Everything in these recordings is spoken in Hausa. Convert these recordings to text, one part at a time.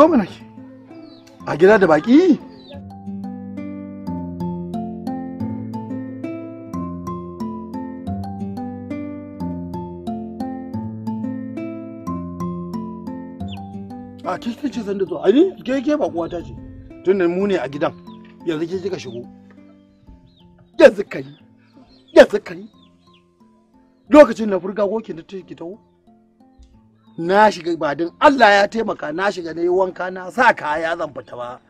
shigo mana a gida da baki a ke ce san da zuwa ani ke ke ba kuwa ta ce tun da mu ne a gidan yanzu ke ka shigo yanzu kai yanzu kai lokacin na furga ko ki ta ki tawo na shiga ba don Allah ya taimaka na shiga na yi wanka na sa kaya zan fita ba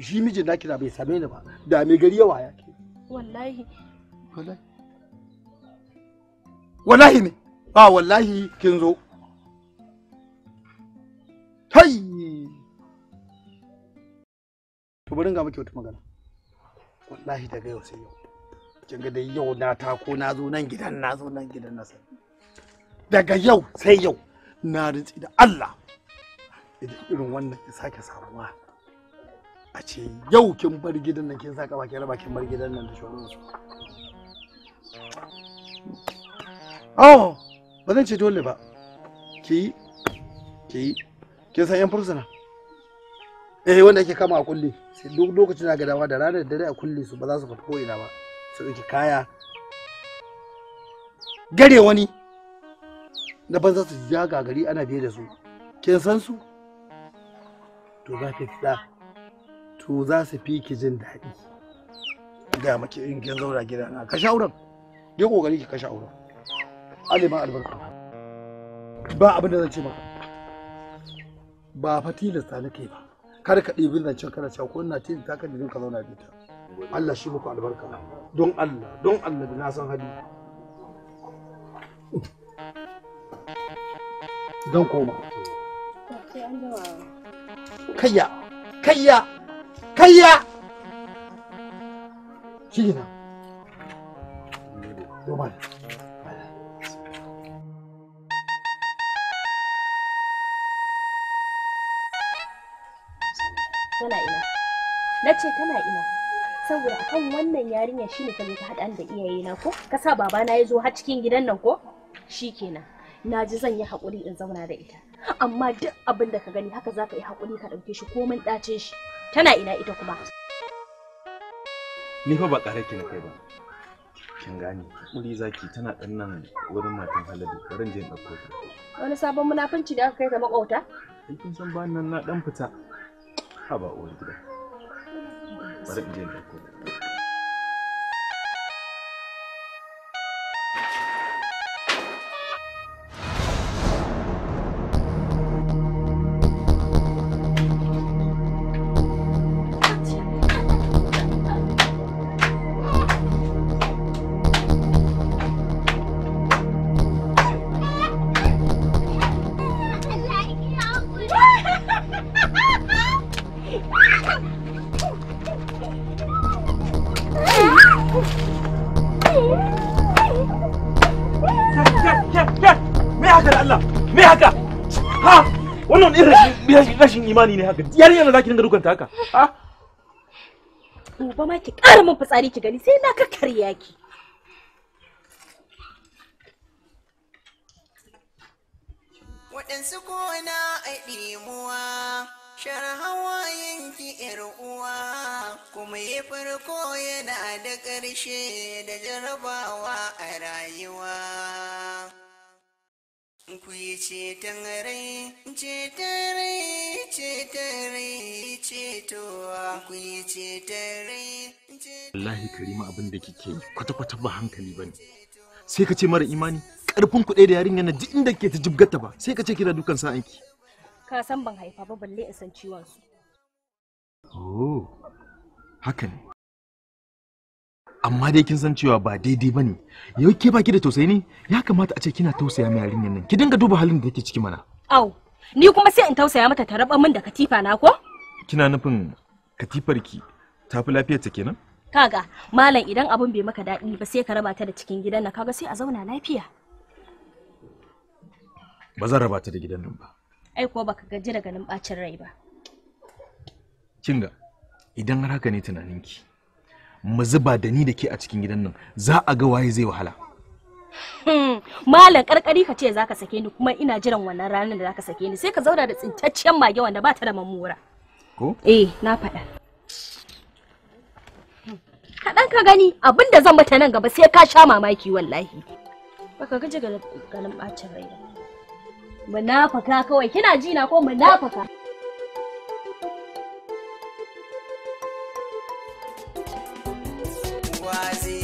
shi mijin na kira bai same ni ba da mai gari yawa ya ke wallahi wallahi wallahi ne ba wallahi kin zo tai to bari ga muke wata magana wallahi daga yau sai yau kin ga dai yau na tako na zo nan gidan na zo nan gidan na sai daga yau sai yau na rintsi da Allah idan irin wannan ya sake samuwa a ce yau kin bar gidan nan kin saka bakin raba kin bar gidan nan da shoron su oh ba zan ce dole ba ki ki kin san yan fursuna eh wanda ake kama a kulle sai duk lokacin na gadawa da ranar dare a kulle su ba za su fita ko ina ba su ki kaya gare wani na banza su ja gagari ana biye da su kin san su to za ki fita to za su fi ki jin daɗi ga maki in kin zaura gida na ka shauran ki kokari ki ka Ali ma albarka ba abin da zan ce maka ba fatila ta nake ba kar ka ɗibi zancen kana cewa ko ina ta ka jikin ka zauna da ita Allah shi muku albarka don Allah don Allah da na san hali zan koma kayya kayya kayya shi ne Romano. Tana ina. Na ce tana ina. Saboda akan wannan yarinya shi ne ka haɗa da iyaye na ko? Ka sa babana ya zo har cikin gidan nan ko? Shi kenan. na ji zan yi haƙuri in zauna da ita amma duk abin da ka gani haka za ka yi haƙuri ka ɗauke shi komin ɗacin shi tana ina ita kuma ni fa ba ƙara ki na kai ba kin gane haƙuri zaki tana ɗan nan wurin matan halabi bari je in ɗauko ta wani sabon munafunci da aka kai ga maƙwabta kin san ba nan na ɗan fita ha ba uwar gida bari in je in ɗauko ta rashin imani ne haka yar yana zaki dinga dukanta haka ba ma ki ƙara min fitsari ki gani sai na kakkarya ki waɗansu ko na ɗimuwa shar hawayen ki uwa kuma ya farko yana da ƙarshe da jarabawa a rayuwa ku wallahi karima abin da kike yi kwata-kwata ba hankali ba ne. sai ka ce mara imani ƙarfin kuɗe da yarinya na duk inda ke ta jibgata ba sai ka ce kira dukan sa'anki ka san ban haifa ba balle in san ciwon su oh haka ne amma dai kin san cewa ba daidai ba ne yau ke baki da tausayi ne ya kamata a ce kina tausaya mai yarinyar nan ki dinga duba halin da take ciki mana au ni kuma sai in tausaya mata ta raba min da katifa na ko kina nufin katifar ki ta fi lafiyar ta kenan kaga malam idan abun bai maka daɗi ba sai ka raba ta da cikin gidan nan kaga sai a zauna lafiya ba zan raba ta da gidan nan ba ai ko baka gaji daga nan bacin rai ba kinga idan har haka ne tunaninki mu zuba da ni da ke a cikin gidan nan za a ga waye zai wahala hmm, malam karkari ka ce za ka sake ni kuma ina jiran wannan ranar da za ka sake ni sai ka zauna da tsintacciyar mage wanda ba ta da mamura ko eh na faɗa hmm, kaɗan ka gani abin zan mata nan gaba sai ka sha mamaki wallahi. Baka gaji ɓacin rai ba. kawai kina ji na ko munafaka. wazi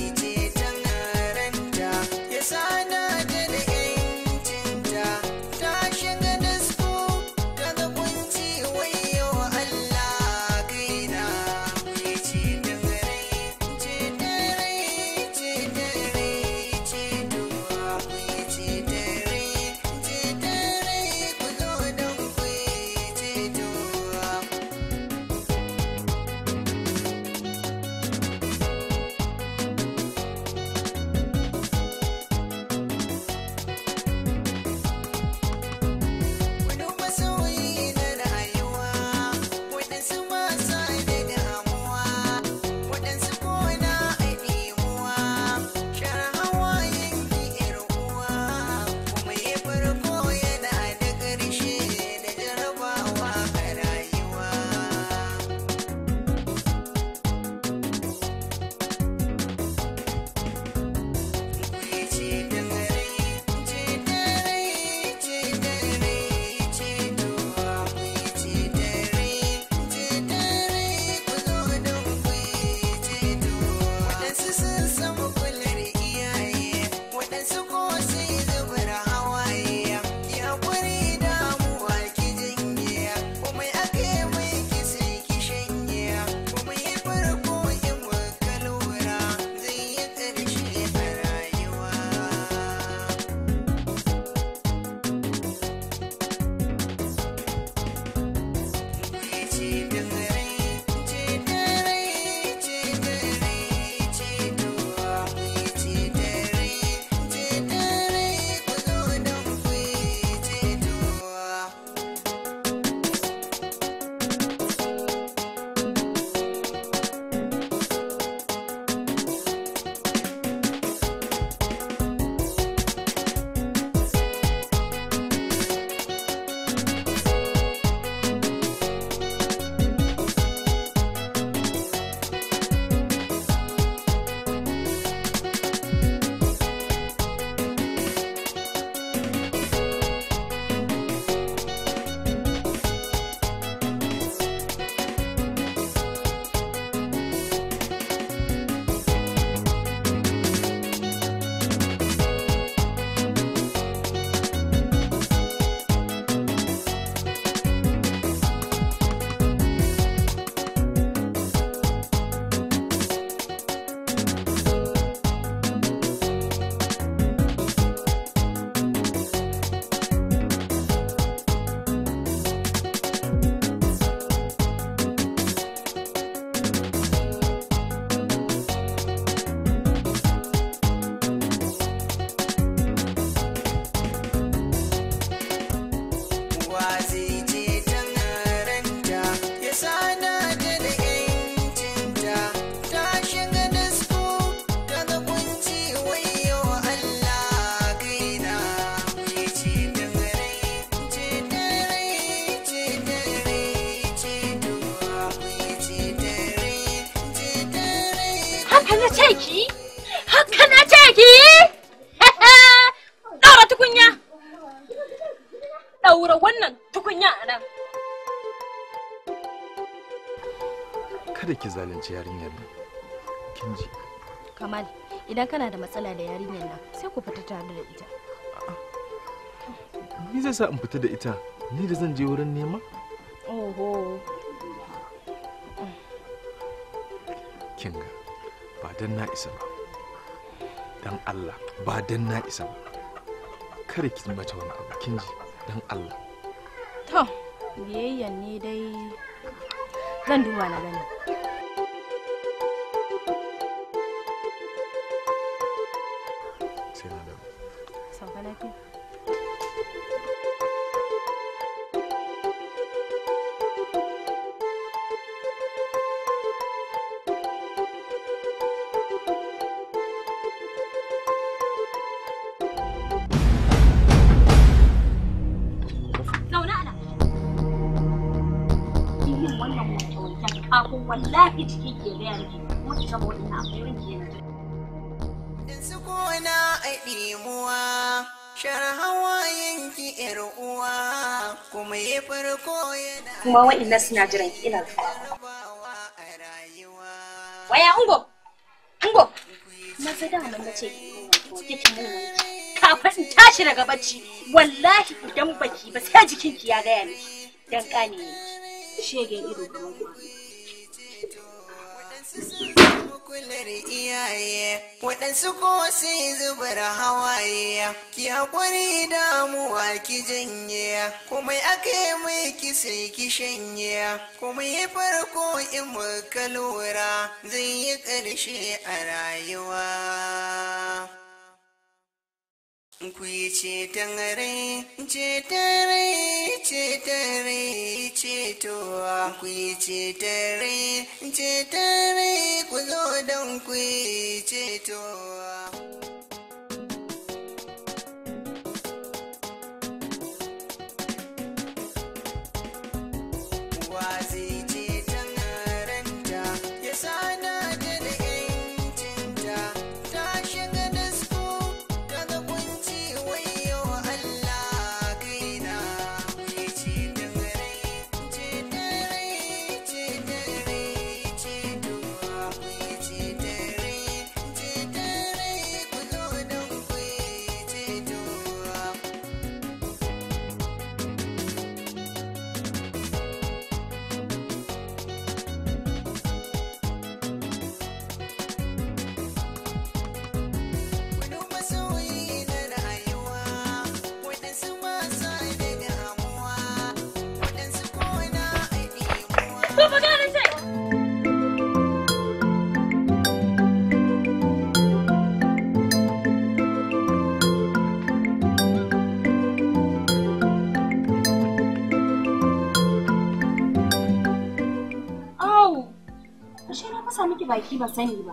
ce yarinyar nan kin ji kamal idan kana da matsala da yarinyar nan sai ku fita tare da ita ni zai sa in fita da ita ni da zan je wurin nema oho kinga ba dan na isa ba dan Allah ba dan na isa ba kare ki mata wani abu kin ji dan Allah to biyayyan ne dai zan duba na gani kuma wa'annan suna ki ina waya ungo ungo maza da mun nace ki mun kafin in tashi daga bacci wallahi idan baki ba sai jikin ki ya gaya ni dan kane ne shegen ido kuma kular iyaye waɗansu ko sai zubar hawaye ki haƙuri damuwa ki janye kuma aka mai ki sai ki shanye kuma ya farko in muka lura zai yi ƙarshe a rayuwa ku yi ceton rai ceton rai ceton rai cetowa ku yi ceton rai ceton rai ku zo don ku yi cetowa ki ba sani ba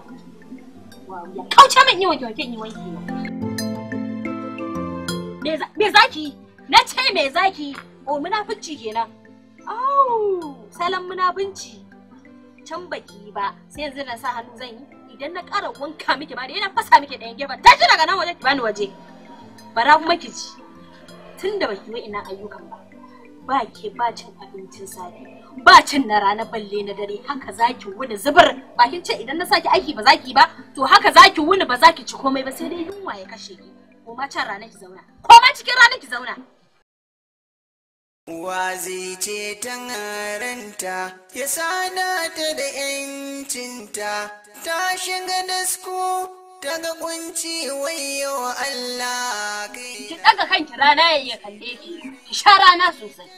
wa ya kauce min yi wanke wanke in yi wanki na me zaki na ce me zaki o munafunci kenan au salon munafunci can baki ba sai yanzu na sa hannu zan yi idan na ƙara wanka miki ba da na fasa miki ɗayan gefen ta ci daga nan waje ki bani waje bara kuma ki ji tun da baki wa ina ayyukan ba ba ke ba cin abincin safe ba cin na rana balle na dare haka zaki wuni zubar ba kin ce idan na saki aiki ba zaki ba to haka zaki wuni ba zaki ci komai ba sai dai yunwa ya kashe ki ko ma can rana ki zauna ko ma cikin rana ki zauna Wazi ce tangaranta ya sana ta da 'yancinta ta shiga dasko. daga kunci wayo Allah kai ki daga kanki rana ya kalle ki ki sha rana sosai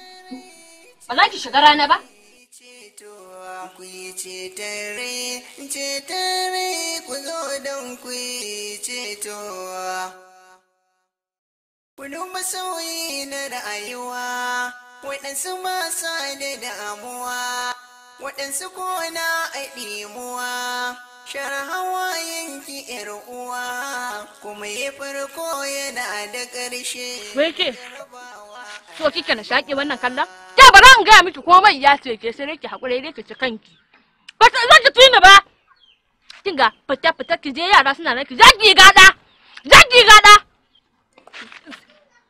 ba za ki shiga rana ba ku yi cetare cetare ku zo don ku yi cetowa wani masoyi na rayuwa waɗansu masu da damuwa waɗansu kona a ɗimuwa shar hawayen ki yar uwa kuma ya farko yana da ƙarshe wai ke so kike na shaƙi wannan kallon ke bara in gaya miki komai ya ce ke sai ki haƙura dai ki ci kanki ba ta zan ki tuni ba kin ga fita fita ki je yara suna nan ki zaki gada zaki gada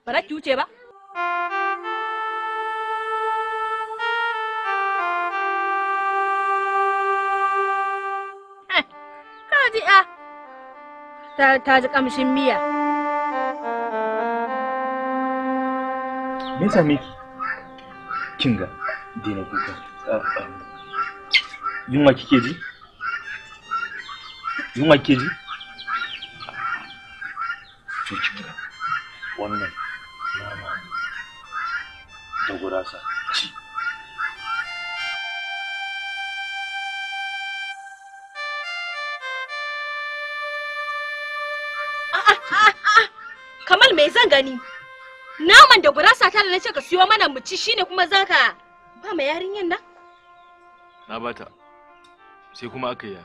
bara ki wuce ba ta ji kamshin miya. Me same ki? Kinga, daina kuka. Yunwa kike ji? Yunwa kike ji? To kinga, wannan nama da gurasa ci. zan gani naman da gurasa ta da na ce ka siyo mana mu ci shine kuma za ka ba ma yarinyan nan na bata sai kuma aka yi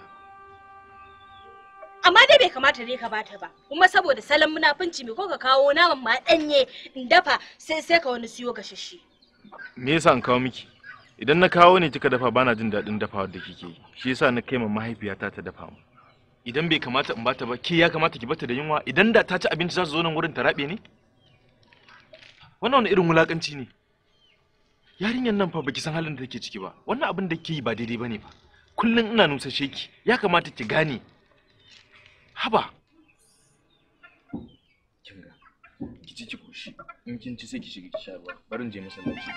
amma dai bai kamata ne ka bata ba kuma saboda salon munafunci me ko ka kawo naman ma danye in dafa sai sai ka wani siyo ga shishi me yasa an kawo miki idan na kawo ne kika dafa bana jin daɗin dafawa da kike yi shi yasa na kai ma mahaifiyata ta dafa mu idan bai kamata in bata ba ke ya kamata ki bata da yunwa idan da ta ci abinci za su zo nan wurin ta rabe ni wannan wani irin wulakanci ne yarinyar nan fa baki san halin da take ciki ba wannan abin da ke yi ba daidai bane ba kullum ina nusashe ki ya kamata ki gane haba kinga ki ci ki koshi in kin ci sai ki shiga ki sha ruwa barin je masallaci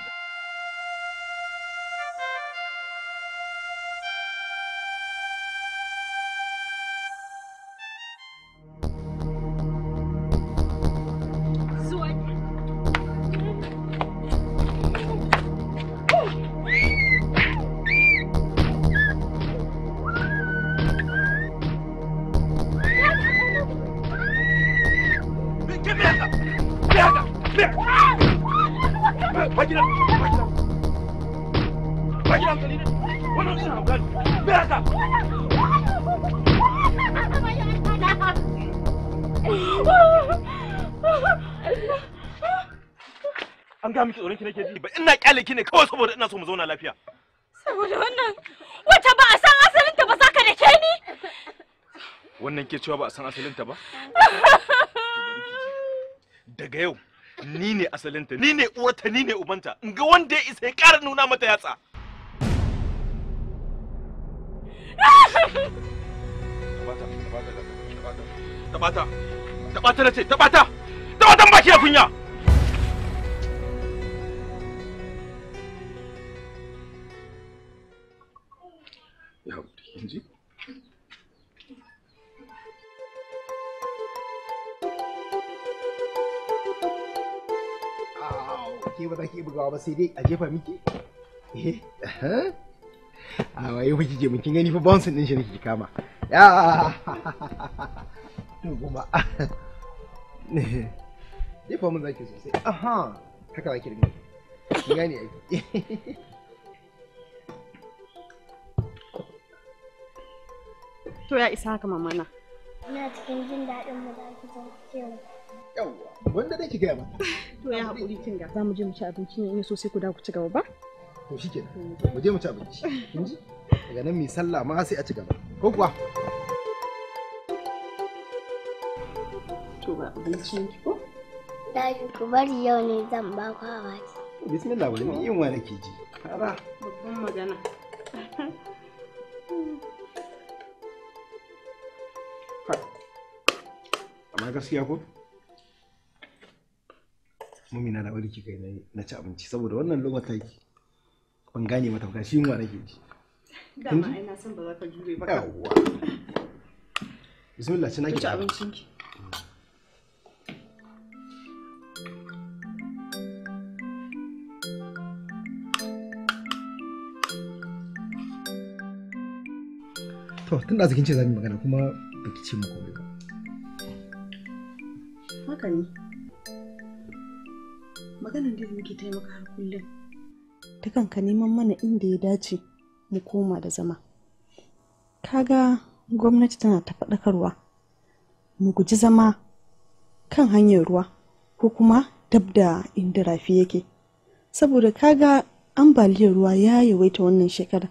tsoron ki nake ji ba ina kyale ki ne kawai saboda ina so mu zauna lafiya saboda wannan wata ba a san asalinta ba za ka da ke ni wannan ke cewa ba a san asalinta ba daga yau ni ne asalinta ni ne uwarta ni ne ubanta in ga wanda ya isa ya kara nuna mata yatsa tabata tabata tabata tabata tabata tabata tabata tabata baki tabata kunya kin ji ke ba sai a jefa miki eh, ah, mun gani fa bounce din shi nake kama ya to kuma jefa mun zaki sosai aha haka zaki rinka kin gane ai To ya isa haka mamana. Ina cikin jin daɗin mu da ake zan cewa. Yawwa, wanda nake gaya mata. To ya haƙuri kin ga. Za mu je mu ci abinci ne in so sai ku da ku ci gaba ba? To shi Mu je mu ci abinci. Kin ji? Daga nan mai sallah ma sai a ci gaba. Ko kuwa? To ba abincin ki ko? Daji ku bari yau ne zan ba ku hawa. Bismillah wani yin wa nake ji. Ara. Babban magana. amma gaskiya ko mumina na bari kika yi na ci abinci saboda wannan lokacin taki ban gane mata ba shi ma nake ji dama ai na san ba za ka jure ba yawwa bismillah ci nake ci abincin ki to tun da zikin ce za mu magana kuma baki ce mu komai ba haka ne maganar da muke taimaka har kullum ta kanka neman mana inda ya dace mu koma da zama kaga gwamnati tana ta faɗakarwa mu guji zama kan hanyar ruwa ko kuma dabda inda rafi yake saboda kaga ambaliyar ruwa ya yawaita wannan shekara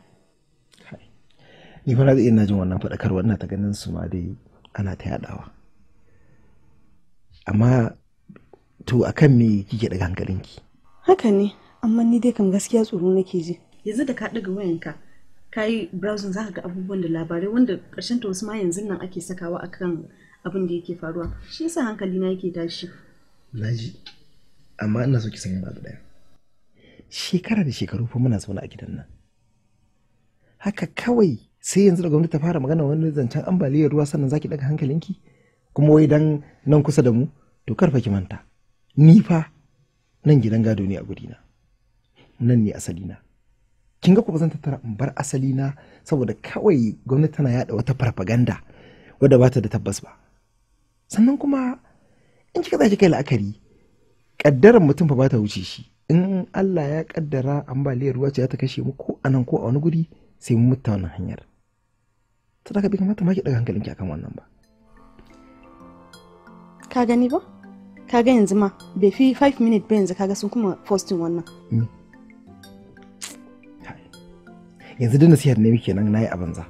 ni fara zai iya jin wannan faɗakarwa ina ta ganin su ma dai ana ta yaɗawa amma to akan me kike daga hankalinki haka ne amma ni dai kam gaskiya tsoro nake ji yanzu da ka daga wayanka ka yi browsing zaka ga abubuwan da labarai wanda karshen ta wasu ma yanzu nan ake sakawa akan abin da yake faruwa shi yasa hankali na yake tashi naji amma ina so ki san ba daya shekara da shekaru fa muna zaune a gidan nan haka kawai sai yanzu da gwamnati ta fara magana wani zancen ambaliyar ruwa sannan zaki daga hankalinki kuma wai dan nan kusa da mu to karfa ki manta ni fa nan gidan gado ne a na nan ne asalina kin ga kuma zan tattara in bar asali na saboda kawai gwamnati tana yada wata farfaganda wadda ba ta da tabbas ba sannan kuma in kika tsaki kai la'akari kaddaran mutum fa ba ta wuce shi in Allah ya kaddara ambaliyar ruwa ce ta kashe mu ko a nan ko a wani guri sai mu mutu wannan hanyar ta daga bi kamata ma ki daga hankalinki akan wannan ba ka gani ba ka ga yanzu ma bai fi 5 minute ba yanzu kaga sun kuma posting wannan hmm. yanzu da nasihar ne muke nan nayi a banza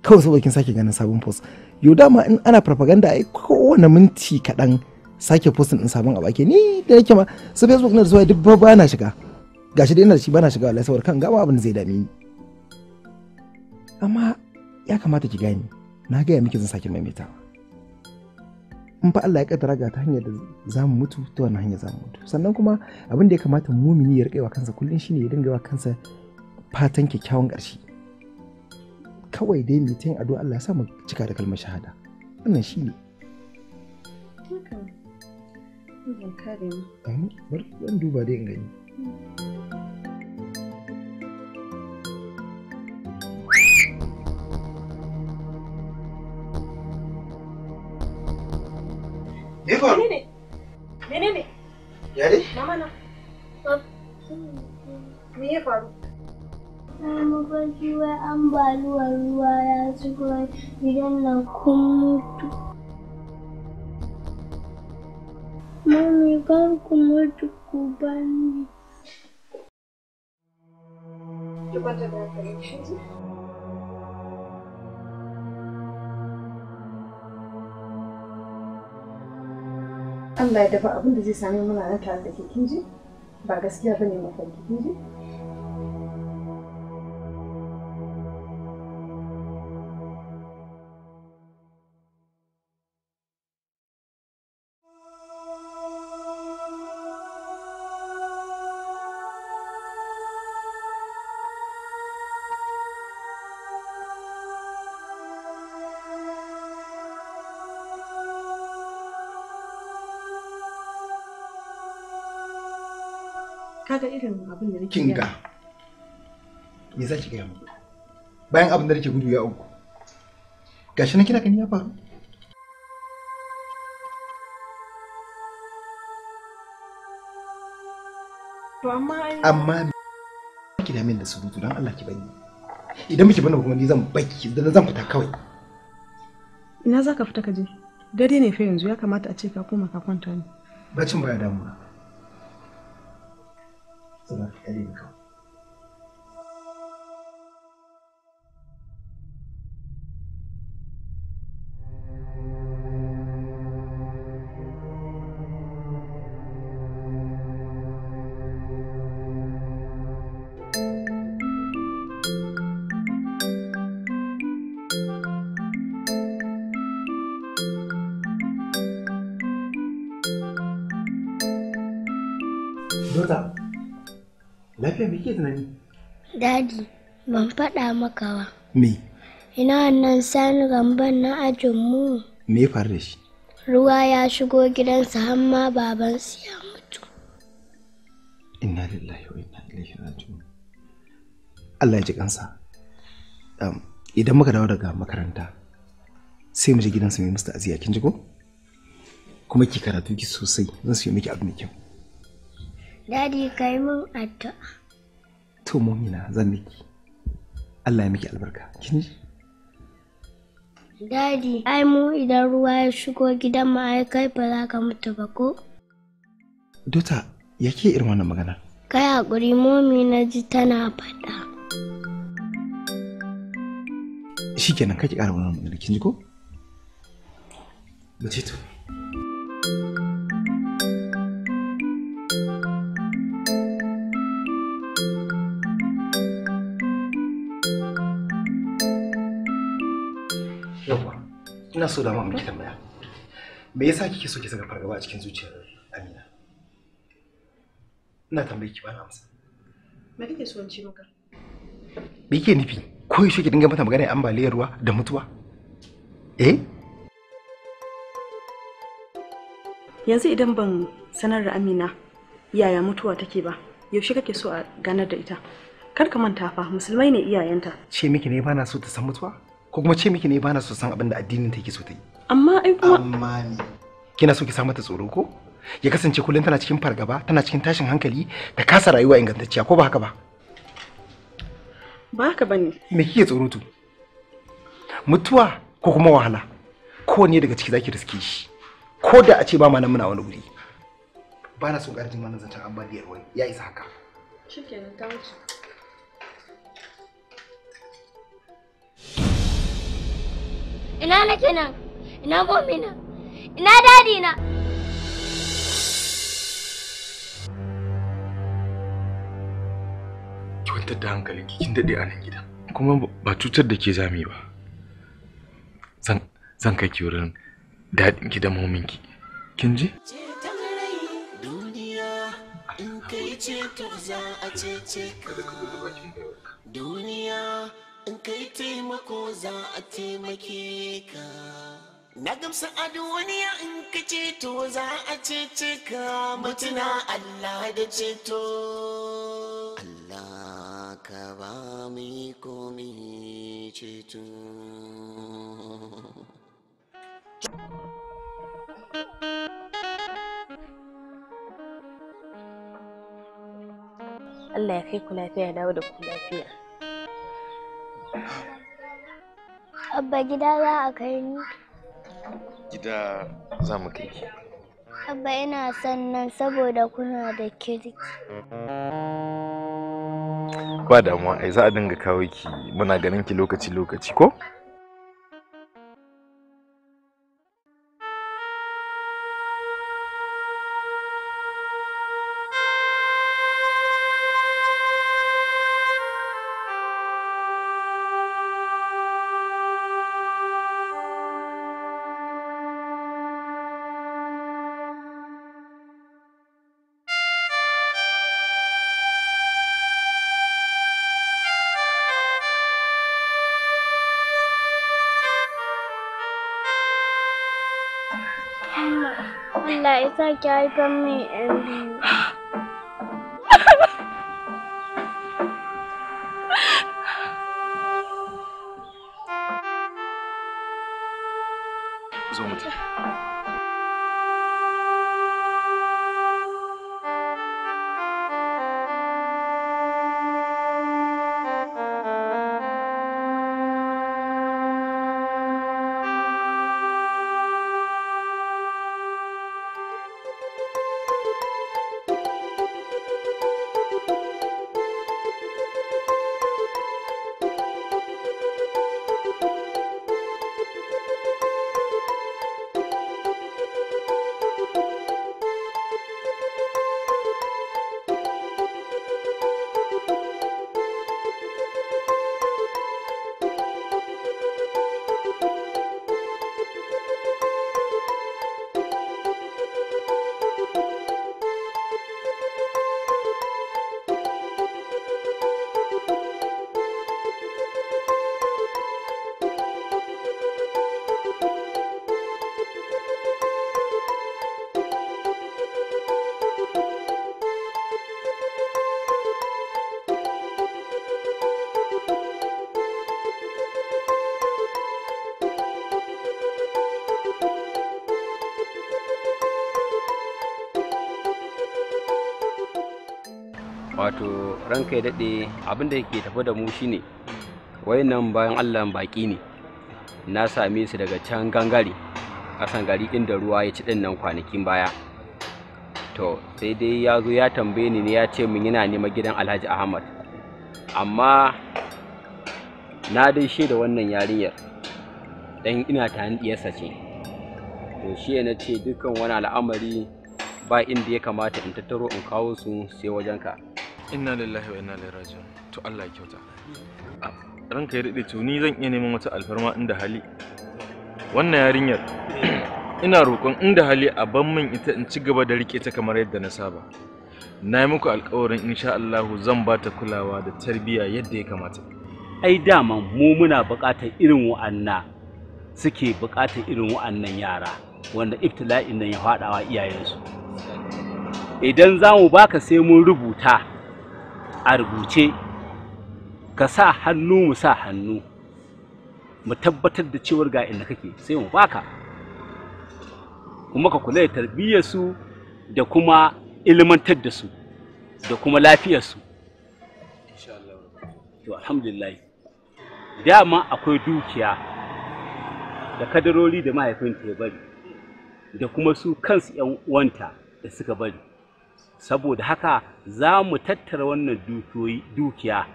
kawai saboda kin sake ganin sabon post yau dama in ana propaganda ai kowane minti kaɗan sake postin din sabon a baki ni da nake ma su facebook na da suwaye duk ba na shiga gashi dai ina da shi ba na shiga wallahi saboda kan gaba abin zai dame ni amma ya kamata ki gani na gaya miki zan sake maimaitawa in fa Allah ya kaddara ga ta hanyar da za mu mutu ta wannan hanyar za mu mutu sannan kuma abin da ya kamata mumini ya rikewa kansa kullum shine ya dinga wa kansa fatan kyakkyawan ƙarshe kawai dai mu tayin addu'a Allah ya sa mu cika da kalmar shahada wannan shine Ban duba dai gani. ne faru? Menene? Ya dai? Mama na. Me ya faru? Na mafarki wai ambaliyar ruwa ya shigo gidan nan kun mutu. Mami kar ku mutu ku bani. Ki kwanta da hankali shi Allah ya dafa abin da zai same muna nan tare da ke kin ji ba gaskiya bane mafarki kin ji ga irin abin da nake ga me za ki gaya mu bayan abin da nake gudu ya uku gashi na kina kan ya faru to amma amma ki da min da surutu dan Allah ki bani idan miki bani kuma ni zan baki dan zan fita kawai ina za ka fita ka je dare ne fa yanzu ya kamata a ce ka koma ka kwanta ne bacin baya damuwa 怎么还有一个？kike tunani dadi ban faɗa maka ba me ina wannan sani gamban na ajin mu me faru da shi ruwa ya shigo gidansa har ma su ya mutu inna lillahi wa inna ilaihi raji'un Allah ya ji kansa idan muka dawo daga makaranta sai mu je gidansa mai musta aziya kin ji ko kuma ki karatu ki sosai zan siyo miki abu mai kyau dadi kai mun addu'a to mumina zan miki Allah ya miki albarka kin ji Dadi, ai mu idan ruwa ya shigo gidan mu ai kai ba za ka mutu ba ko? Dota, yake irin wannan magana? Kai hakuri momi na ji tana faɗa. Shikenan kake ƙara wannan magana kin ji ko? Mace to. ina so da mu miki tambaya me yasa kike so ki saka fargaba a cikin zuciyar Amina ina tambaye ki bana amsa me kike so in ci maka me kike nufi ko yaushe ki dinga mata magana ambaliyar ruwa da mutuwa eh yanzu idan ban sanar da Amina yaya mutuwa take ba yaushe kake so a ganar da ita kar ka manta fa musulmai ne iyayenta ce miki ne ba na so ta san mutuwa ko kuma ce miki ne bana so san abin da addinin take so ta yi amma ai kuma amma ne kina so ki samu ta tsoro ko ya kasance kullun tana cikin fargaba tana cikin tashin hankali ta kasa rayuwa ingantacciya ko ba haka ba ba haka bane me kike tsoro to mutuwa ko kuma wahala ko ne daga ciki zaki riske shi ko da a ce ba ma muna wani wuri ba na son garjin wannan zancen ambaliyar ya isa haka shikenan ta wuce Ina nake nan? Ina gomina? Ina dadi na? da hankalin ki kin dade a nan gidan. Kuma ba cutar da ke zami ba. Zan zan kai ki wurin dadin ki da momin ki. Kin ji? Duniya in kai taimako za a taimake ka na gamsa a duniya in ka ceto za a cece ka mutuna Allah da ceto Allah ka ba mu komi ceto Allah ya kai ku lafiya dawo da ku lafiya Abba gida za a kai ni? Gida za mu kai Abba ina son nan saboda kuna da kirki. Ba damuwa, ai za a dinga kawo ki muna ganin ki lokaci-lokaci ko? Allah ya sa ki haifar min 'yan biyu. ranka ya daɗe abin da ke tafi da mu shine nan bayan allah baƙi ne na same su daga can gangare ƙasan gari inda ruwa ya ci nan kwanakin baya to sai dai ya zo ya tambaye ni ne ya ce min yana neman gidan alhaji ahmad amma na dai da wannan yarinyar dan ina tani diyarsa ce to shi na ce dukkan wani al'amari ba inda ya kamata in tattaro in kawo su sai wajenka inna lillahi wa inna ilaihi raji'un to Allah ya kyauta ranka ya daɗe to ni zan iya neman wata alfarma inda hali wannan yarinyar ina roƙon inda hali a ban min ita in ci gaba da rike ta kamar yadda na saba na yi muku alƙawarin insha Allah zan ba ta kulawa da tarbiyya yadda ya kamata ai dama mu muna buƙatar irin wa'anna suke buƙatar irin wa'annan yara wanda ibtila'in nan ya faɗawa iyayensu idan za mu baka sai mun rubuta a rubuce ka sa hannu mu sa hannu mu tabbatar da cewar ga inda kake sai mu baka kuma ka kula da tarbiyyar su da kuma ilmantar da su da kuma lafiyar su to alhamdulillah dama akwai dukiya da kadarori da mahaifinta ya bari da kuma su kansu 'yan uwanta da suka bari saboda haka za mu tattara wannan dukiya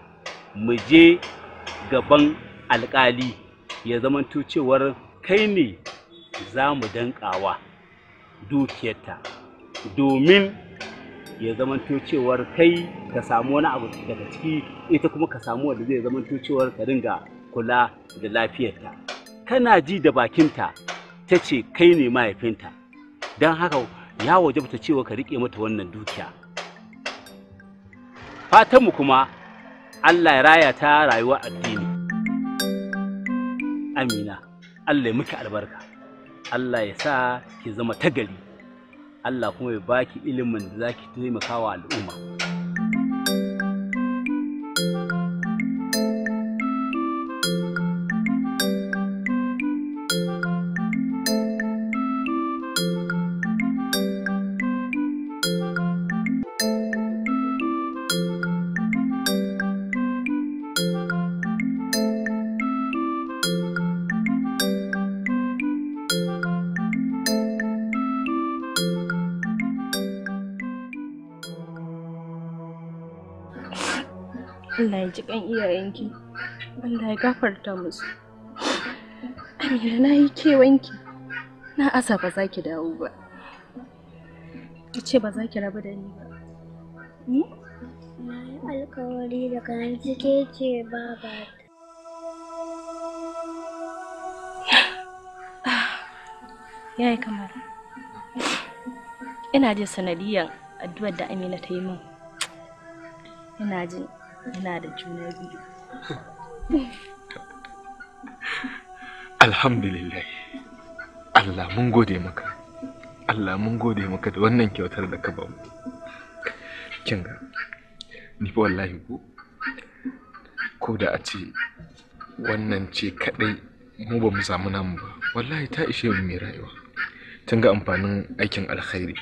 mu je gaban alkali ya zamanto cewar kai ne za mu dankawa dukiyarta domin ya zamanto cewar kai ka samu wani abu daga ciki ita kuma ka samu wanda zai zamanto cewar ka dinga kula da lafiyarta kana ji da bakinta ta ce kai ne mahaifinta don haka ya wajabta cewa ka riƙe mata wannan dukiya fatanmu kuma allah ya raya ta rayuwa addini amina allah ya miki albarka allah ya sa ki zama tagari allah kuma ya baki ilimin da za ki taimaka wa al'umma gafarta musu amina na yi kewanki na asa ba za ki dawo ba ki ce ba za ki rabu da ni ba hmm? na yi alkawari daga yanzu ke ce ba ba ya yi kamar ina jin sanadiyar addu'ar da amina ta yi min ina ji ina da juna biyu Alhamdulillah. Allah mun gode maka. Allah mun gode maka da wannan kyautar da ka bamu. Kin ni fa wallahi ko ko da a ce wannan ce kadai mu ba mu samu nan ba. Wallahi ta ishe mu mai rayuwa. Tun ga amfanin aikin alkhairi.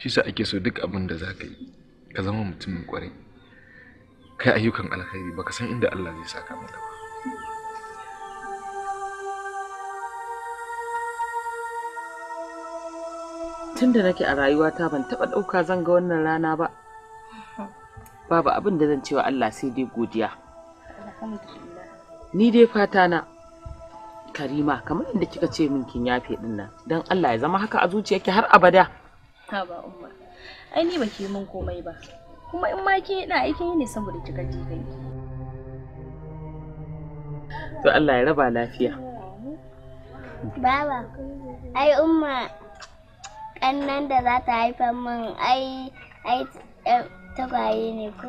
Shi sa ake so duk abin da za ka yi ka zama mutumin kwarai. kai ayyukan alkhairi baka san inda Allah zai saka maka ba Tunda nake a rayuwata ban taba ɗauka zan ga wannan rana ba babu abin da zan cewa Allah sai dai godiya ni dai fata na karima kamar inda kika ce min kin yafe din nan don Allah ya zama haka a zuciyarki har abada ha ba umma ai ni baki mun komai ba kuma in ma kin ina aikin yi ne saboda kika ji kanki to Allah ya raba lafiya baba ai umma kannan da za ta haifa min ai ai tagwaye ne ko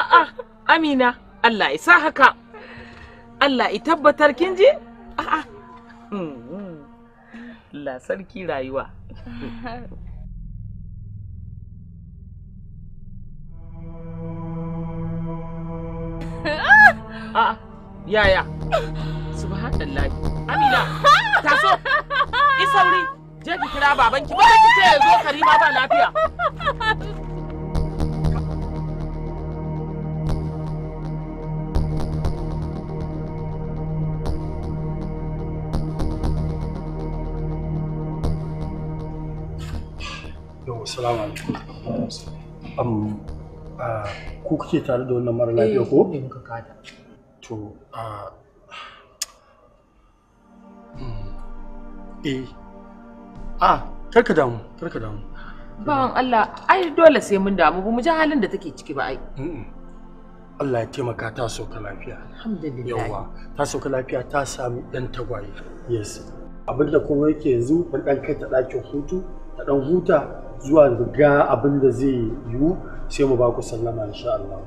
ah, ah, amina Allah ya sa haka Allah ya tabbatar kin ji a'a ah, hmm, hmm. Allah sarki rayuwa yaya subhanallahi amina taso i sauri je ki kira babanki ba ki ce ya zo karima ba lafiya Assalamu salamu alaikum ah, ku kuke tare da wannan mara lafiya ko? Eh, eh muka kada. to a uh, eh a ah, karka damu karka damu bawan Allah ai dole sai mun damu ba mu ji halin da take ciki ba ai Allah ya taimaka ta so ka lafiya alhamdulillah yawa ta so ka lafiya ta sami dan tagwaye yes abinda kuma yake yanzu mun dan kai ta ɗakin hutu ta dan huta zuwa ga abin da zai yiwu sai mu ba ku sallama insha Allah.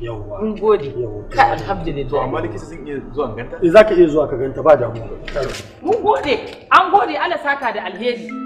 Yawwa. Mun gode. Ka alhamdulillah. To amma likita sun iya zuwa ganta? Eh zaka iya zuwa ka ganta ba damuwa. Mun gode. An gode Allah saka da alheri.